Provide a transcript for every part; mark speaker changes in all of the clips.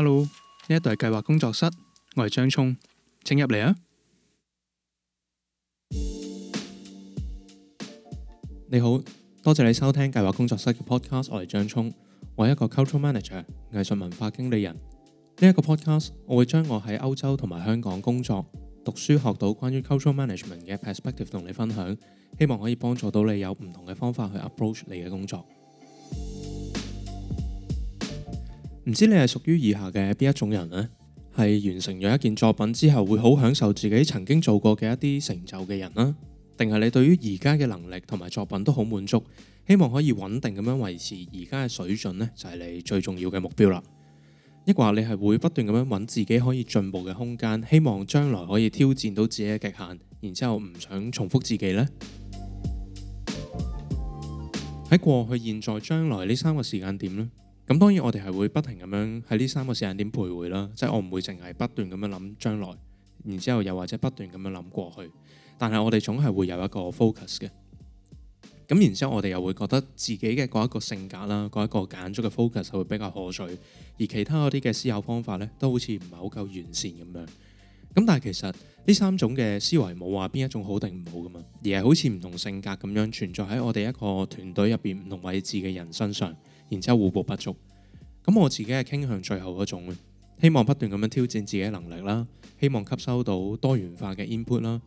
Speaker 1: Hello，呢一度係計劃工作室，我係張聰，請入嚟啊！你好，多謝你收聽計劃工作室嘅 podcast，我係張聰，我係一個 culture manager、藝術文化經理人。呢一個 podcast，我會將我喺歐洲同埋香港工作、讀書學到關於 culture management 嘅 perspective 同你分享，希望可以幫助到你有唔同嘅方法去 approach 你嘅工作。唔知你係屬於以下嘅邊一種人咧？係完成咗一件作品之後會好享受自己曾經做過嘅一啲成就嘅人啦，定係你對於而家嘅能力同埋作品都好滿足，希望可以穩定咁樣維持而家嘅水準呢？就係你最重要嘅目標啦。抑或你係會不斷咁樣揾自己可以進步嘅空間，希望將來可以挑戰到自己嘅極限，然之後唔想重複自己呢？喺過去、現在、將來呢三個時間點呢？咁當然我哋係會不停咁樣喺呢三個時間點徘徊啦，即係我唔會淨係不斷咁樣諗將來，然之後又或者不斷咁樣諗過去，但係我哋總係會有一個 focus 嘅。咁然之後我哋又會覺得自己嘅嗰一個性格啦，嗰一個揀咗嘅 focus 係會比較可取，而其他嗰啲嘅思考方法呢，都好似唔係好夠完善咁樣。咁但係其實呢三種嘅思維冇話邊一種好定唔好噶嘛，而係好似唔同性格咁樣存在喺我哋一個團隊入邊唔同位置嘅人身上。然之後互補不足，咁我自己係傾向最後嗰種，希望不斷咁樣挑戰自己嘅能力啦，希望吸收到多元化嘅 input 啦。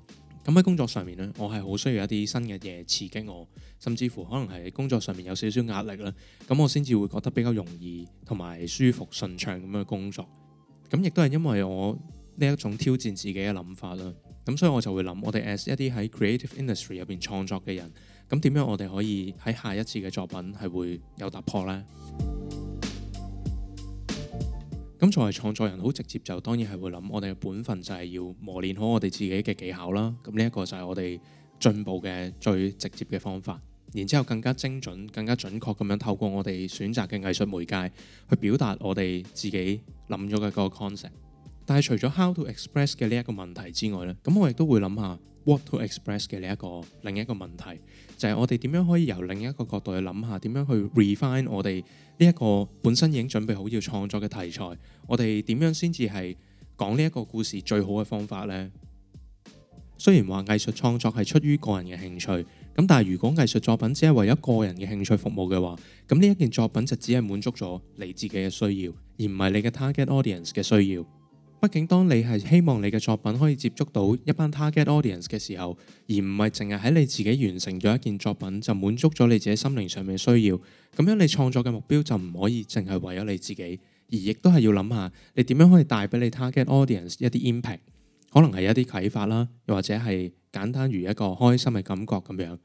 Speaker 1: 咁喺工作上面呢，我係好需要一啲新嘅嘢刺激我，甚至乎可能係工作上面有少少壓力啦，咁我先至會覺得比較容易同埋舒服順暢咁樣工作。咁亦都係因為我呢一種挑戰自己嘅諗法啦。咁所以我就會諗，我哋 as 一啲喺 creative industry 入邊創作嘅人，咁點樣我哋可以喺下一次嘅作品係會有突破呢？咁作為創作人，好直接就當然係會諗，我哋嘅本分就係要磨練好我哋自己嘅技巧啦。咁呢一個就係我哋進步嘅最直接嘅方法。然之後更加精準、更加準確咁樣透過我哋選擇嘅藝術媒介去表達我哋自己諗咗嘅嗰個 concept。但係，除咗 how to express 嘅呢一個問題之外咧，咁我亦都會諗下 what to express 嘅呢一個另一個問題，就係我哋點樣可以由另一個角度去諗下，點樣去 refine 我哋呢一個本身已經準備好要創作嘅題材，我哋點樣先至係講呢一個故事最好嘅方法呢？雖然話藝術創作係出於個人嘅興趣，咁但係如果藝術作品只係為咗個人嘅興趣服務嘅話，咁呢一件作品就只係滿足咗你自己嘅需要，而唔係你嘅 target audience 嘅需要。畢竟，當你係希望你嘅作品可以接觸到一班 target audience 嘅時候，而唔係淨係喺你自己完成咗一件作品就滿足咗你自己心靈上面嘅需要，咁樣你創作嘅目標就唔可以淨係為咗你自己，而亦都係要諗下你點樣可以帶俾你 target audience 一啲 impact，可能係一啲啟發啦，又或者係簡單如一個開心嘅感覺咁樣。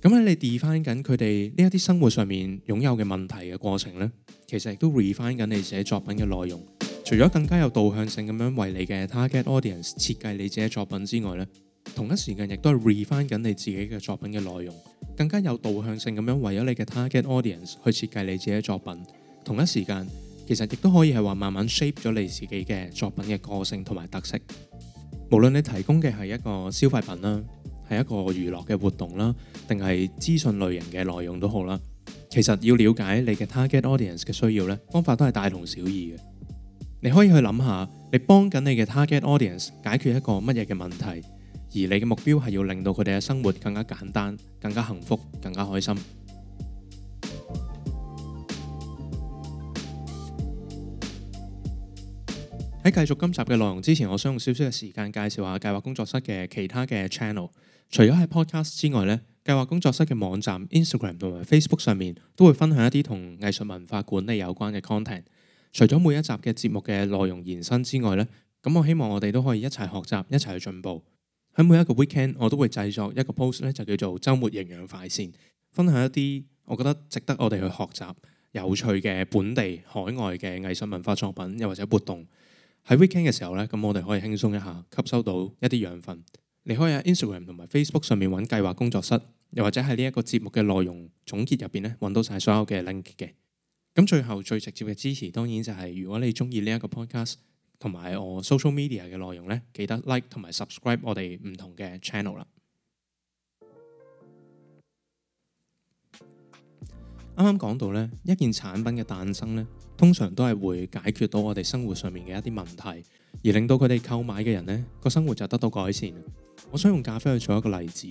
Speaker 1: 咁喺你 define 緊佢哋呢一啲生活上面擁有嘅問題嘅過程呢，其實亦都 refine 緊你寫作品嘅內容。除咗更加有導向性咁樣為你嘅 target audience 設計你自己的作品之外咧，同一時間亦都係 refine 緊你自己嘅作品嘅內容，更加有導向性咁樣為咗你嘅 target audience 去設計你自己的作品，同一時間其實亦都可以係話慢慢 shape 咗你自己嘅作品嘅個性同埋特色。無論你提供嘅係一個消費品啦，係一個娛樂嘅活動啦，定係資訊類型嘅內容都好啦，其實要了解你嘅 target audience 嘅需要咧，方法都係大同小異嘅。你可以去諗下，你幫緊你嘅 target audience 解決一個乜嘢嘅問題，而你嘅目標係要令到佢哋嘅生活更加簡單、更加幸福、更加開心。喺繼續今集嘅內容之前，我想用少少嘅時間介紹下計劃工作室嘅其他嘅 channel。除咗係 podcast 之外咧，計劃工作室嘅網站、Instagram 同埋 Facebook 上面都會分享一啲同藝術文化管理有關嘅 content。除咗每一集嘅節目嘅內容延伸之外呢，咁我希望我哋都可以一齊學習，一齊去進步。喺每一個 weekend，我都會製作一個 post 咧，就叫做周末營養快線，分享一啲我覺得值得我哋去學習、有趣嘅本地、海外嘅藝術文化作品，又或者活動。喺 weekend 嘅時候呢，咁我哋可以輕鬆一下，吸收到一啲養分。你可以喺 Instagram 同埋 Facebook 上面揾計劃工作室，又或者喺呢一個節目嘅內容總結入邊呢，揾到晒所有嘅 link 嘅。咁最後最直接嘅支持當然就係如果你鍾意呢一個 podcast 同埋我 social media 嘅內容呢，記得 like 同埋 subscribe 我哋唔同嘅 channel 啦。啱啱講到呢，一件產品嘅誕生呢，通常都係會解決到我哋生活上面嘅一啲問題，而令到佢哋購買嘅人呢個生活就得到改善。我想用咖啡去做一個例子。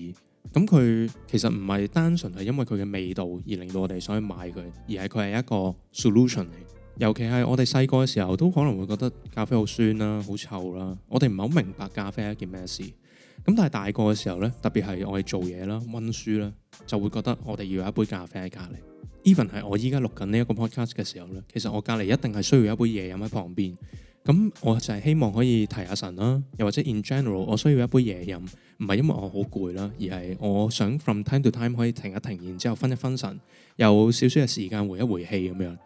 Speaker 1: 咁佢其實唔係單純係因為佢嘅味道而令到我哋想去買佢，而係佢係一個 solution 嚟。尤其係我哋細個嘅時候，都可能會覺得咖啡好酸啦、啊，好臭啦、啊。我哋唔係好明白咖啡係一件咩事。咁但係大個嘅時候呢，特別係我哋做嘢啦、温書啦，就會覺得我哋要有一杯咖啡喺隔籬。Even 係我依家錄緊呢一個 podcast 嘅時候呢，其實我隔籬一定係需要一杯嘢飲喺旁邊。咁我就係希望可以提下神啦，啊，又或者 in general 我需要一杯嘢飲，唔係因為我好攰啦，而係我想 from time to time 可以停一停，然之後分一分神，有少少嘅時間回一回氣咁樣。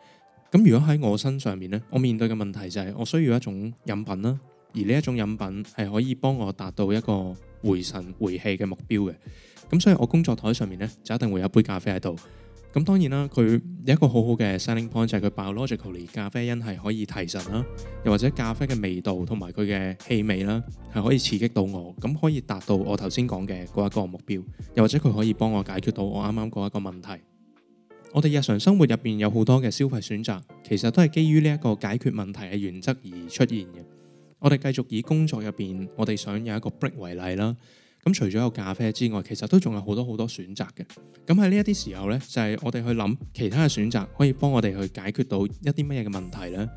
Speaker 1: 咁如果喺我身上面呢，我面對嘅問題就係我需要一種飲品啦，而呢一種飲品係可以幫我達到一個回神回氣嘅目標嘅。咁所以我工作台上面呢，就一定會有一杯咖啡喺度。咁當然啦，佢有一個好好嘅 selling point 就係佢 biologically 咖啡因係可以提神啦，又或者咖啡嘅味道同埋佢嘅氣味啦，係可以刺激到我，咁可以達到我頭先講嘅嗰一個目標，又或者佢可以幫我解決到我啱啱嗰一個問題。我哋日常生活入邊有好多嘅消費選擇，其實都係基於呢一個解決問題嘅原則而出現嘅。我哋繼續以工作入邊我哋想有一個 break 為例啦。咁除咗有咖啡之外，其實都仲有好多好多選擇嘅。咁喺呢一啲時候呢，就係我哋去諗其他嘅選擇，可以幫我哋去解決到一啲乜嘢嘅問題呢。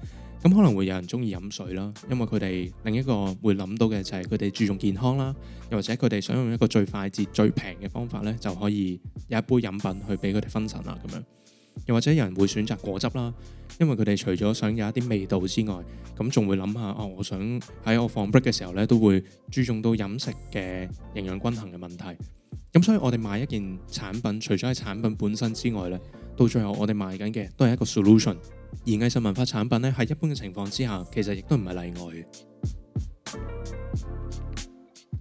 Speaker 1: 咁可能會有人中意飲水啦，因為佢哋另一個會諗到嘅就係佢哋注重健康啦，又或者佢哋想用一個最快捷、最平嘅方法呢，就可以有一杯飲品去俾佢哋分神啦咁樣。又或者有人會選擇果汁啦，因為佢哋除咗想有一啲味道之外，咁仲會諗下啊，我想喺我放 break 嘅時候咧，都會注重到飲食嘅營養均衡嘅問題。咁所以我哋買一件產品，除咗係產品本身之外咧，到最後我哋賣緊嘅都係一個 solution。而藝術文化產品咧，喺一般嘅情況之下，其實亦都唔係例外。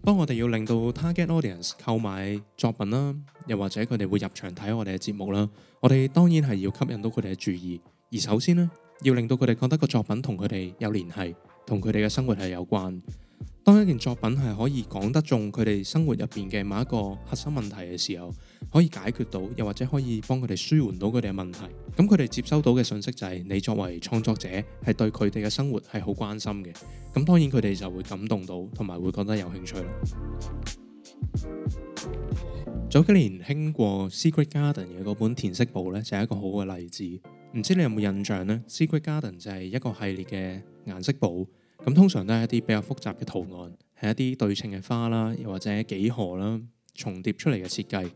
Speaker 1: 當我哋要令到 target audience 購買作品啦，又或者佢哋會入場睇我哋嘅節目啦，我哋當然係要吸引到佢哋嘅注意。而首先呢，要令到佢哋覺得個作品同佢哋有聯繫，同佢哋嘅生活係有關。當一件作品係可以講得中佢哋生活入面嘅某一個核心問題嘅時候，可以解決到，又或者可以幫佢哋舒緩到佢哋嘅問題，咁佢哋接收到嘅信息就係你作為創作者係對佢哋嘅生活係好關心嘅，咁當然佢哋就會感動到，同埋會覺得有興趣。早幾年興過 Secret Garden 嘅嗰本填色簿咧，就係一個好嘅例子。唔知道你有冇有印象呢？《Secret Garden》就係一個系列嘅顏色簿。咁通常都係一啲比較複雜嘅圖案，係一啲對稱嘅花啦，又或者幾何啦，重疊出嚟嘅設計。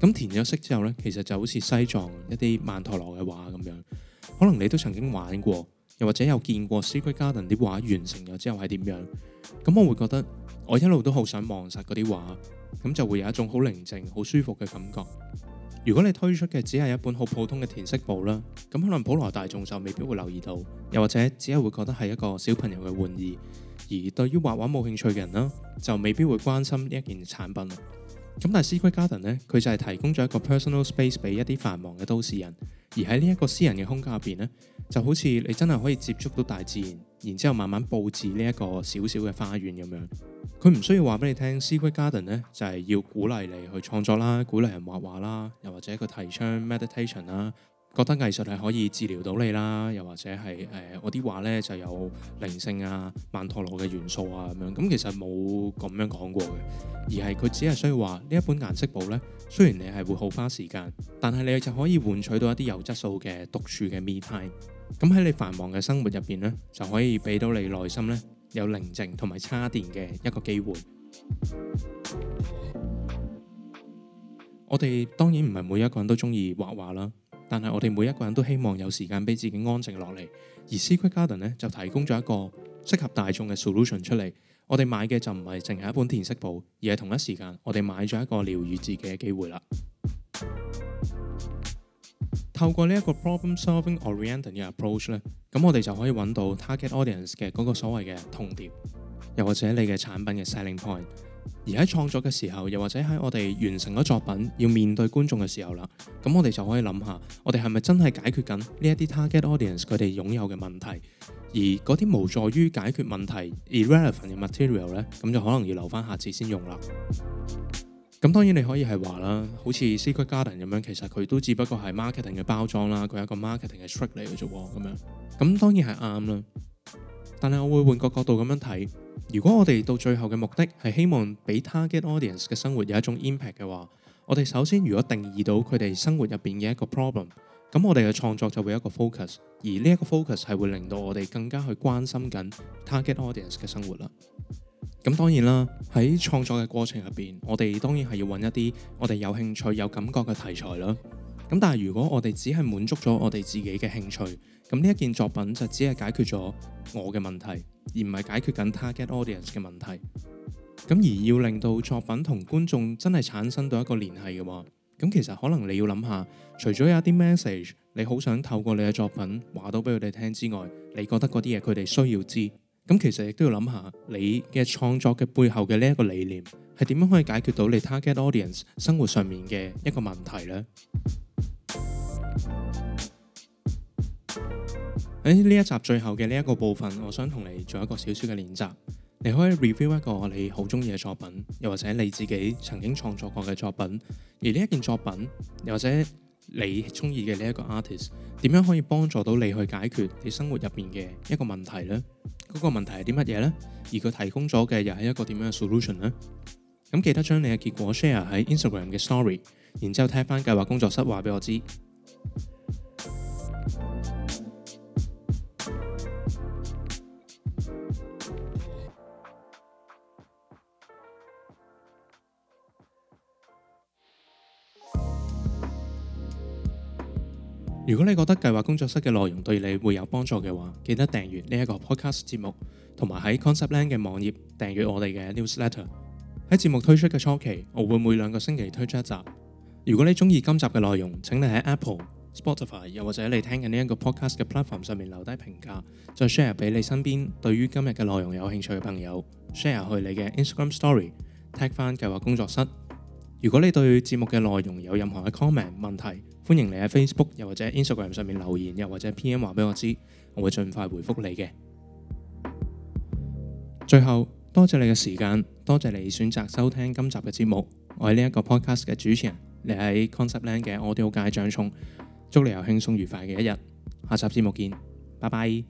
Speaker 1: 咁填咗色之後呢，其實就好似西藏一啲曼陀羅嘅畫咁樣，可能你都曾經玩過，又或者有見過 Secret Garden 啲畫完成咗之後係點樣？咁我會覺得我一路都好想望實嗰啲畫，咁就會有一種好寧靜、好舒服嘅感覺。如果你推出嘅只係一本好普通嘅填色簿啦，咁可能普羅大眾就未必會留意到，又或者只係會覺得係一個小朋友嘅玩意，而對於畫畫冇興趣嘅人啦，就未必會關心呢一件產品。咁但係 Secret Garden 呢，佢就係提供咗一個 personal space 俾一啲繁忙嘅都市人，而喺呢一個私人嘅空間入邊呢，就好似你真係可以接觸到大自然。然之後慢慢佈置呢一個小小嘅花園咁樣，佢唔需要話俾你聽。Secret Garden 咧就係、是、要鼓勵你去創作啦，鼓勵人畫畫啦，又或者佢提倡 meditation 啦，覺得藝術係可以治療到你啦，又或者係誒、呃、我啲畫咧就有靈性啊、曼陀羅嘅元素啊咁樣。咁、嗯、其實冇咁樣講過嘅，而係佢只係需要話呢一本顏色簿咧，雖然你係會好花時間，但係你就可以換取到一啲有質素嘅獨處嘅 me time。咁喺你繁忙嘅生活入邊呢就可以俾到你內心呢有寧靜同埋叉電嘅一個機會。 我哋當然唔係每一個人都中意畫畫啦，但係我哋每一個人都希望有時間俾自己安靜落嚟。而 Secret Garden 呢就提供咗一個適合大眾嘅 solution 出嚟。我哋買嘅就唔係淨係一本填色簿，而係同一時間我哋買咗一個療愈自己嘅機會啦。透過這 problem solving 呢一個 problem-solving orientated 嘅 approach 咧，咁我哋就可以揾到 target audience 嘅嗰個所謂嘅痛點，又或者你嘅產品嘅 selling point。而喺創作嘅時候，又或者喺我哋完成咗作品要面對觀眾嘅時候啦，咁我哋就可以諗下，我哋係咪真係解決緊呢一啲 target audience 佢哋擁有嘅問題？而嗰啲無助於解決問題 irrelevant 嘅 material 咧，咁就可能要留翻下下次先用啦。咁當然你可以係話啦，好似 Secret Garden 咁樣，其實佢都只不過係 marketing 嘅包裝啦，佢係一個 marketing 嘅 trick 嚟嘅啫喎，咁樣。咁當然係啱啦，但係我會換個角度咁樣睇，如果我哋到最後嘅目的係希望俾 target audience 嘅生活有一種 impact 嘅話，我哋首先如果定義到佢哋生活入面嘅一個 problem，咁我哋嘅創作就會有一個 focus，而呢一個 focus 係會令到我哋更加去關心緊 target audience 嘅生活啦。咁當然啦，喺創作嘅過程入面，我哋當然係要揾一啲我哋有興趣、有感覺嘅題材啦。咁但係如果我哋只係滿足咗我哋自己嘅興趣，咁呢一件作品就只係解決咗我嘅問題，而唔係解決緊 target audience 嘅問題。咁而要令到作品同觀眾真係產生到一個聯繫嘅話，咁其實可能你要諗下，除咗有啲 message，你好想透過你嘅作品話到俾佢哋聽之外，你覺得嗰啲嘢佢哋需要知？咁其實亦都要諗下你嘅創作嘅背後嘅呢一個理念係點樣可以解決到你 target audience 生活上面嘅一個問題呢？喺呢一集最後嘅呢一個部分，我想同你做一個小小嘅練習，你可以 review 一個你好中意嘅作品，又或者你自己曾經創作過嘅作品，而呢一件作品又或者你中意嘅呢一個 artist，點樣可以幫助到你去解決你生活入面嘅一個問題呢？嗰個問題係啲乜嘢呢？而佢提供咗嘅又係一個點樣嘅 solution 呢？咁記得將你嘅結果 share 喺 Instagram 嘅 story，然之後 tag 翻計劃工作室話俾我知。如果你覺得計劃工作室嘅內容對你會有幫助嘅話，記得訂閱呢一個 podcast 節目，同埋喺 Conceptland 嘅網頁訂閱我哋嘅 newsletter。喺節目推出嘅初期，我會每兩個星期推出一集。如果你中意今集嘅內容，請你喺 Apple、Spotify 又或者你聽緊嘅呢一個 podcast 嘅 platform 上面留低評價，再 share 俾你身邊對於今日嘅內容有興趣嘅朋友，share 去你嘅 Instagram story，tag 翻計劃工作室。如果你對節目嘅內容有任何嘅 comment 問題，歡迎你喺 Facebook 又或者 Instagram 上面留言，又或者 PM 話俾我知，我會盡快回覆你嘅。最後，多謝你嘅時間，多謝你選擇收聽今集嘅節目。我係呢一個 podcast 嘅主持人，你係 Conceptland 嘅 audio 界張聰。祝你有輕鬆愉快嘅一日，下集節目見，拜拜。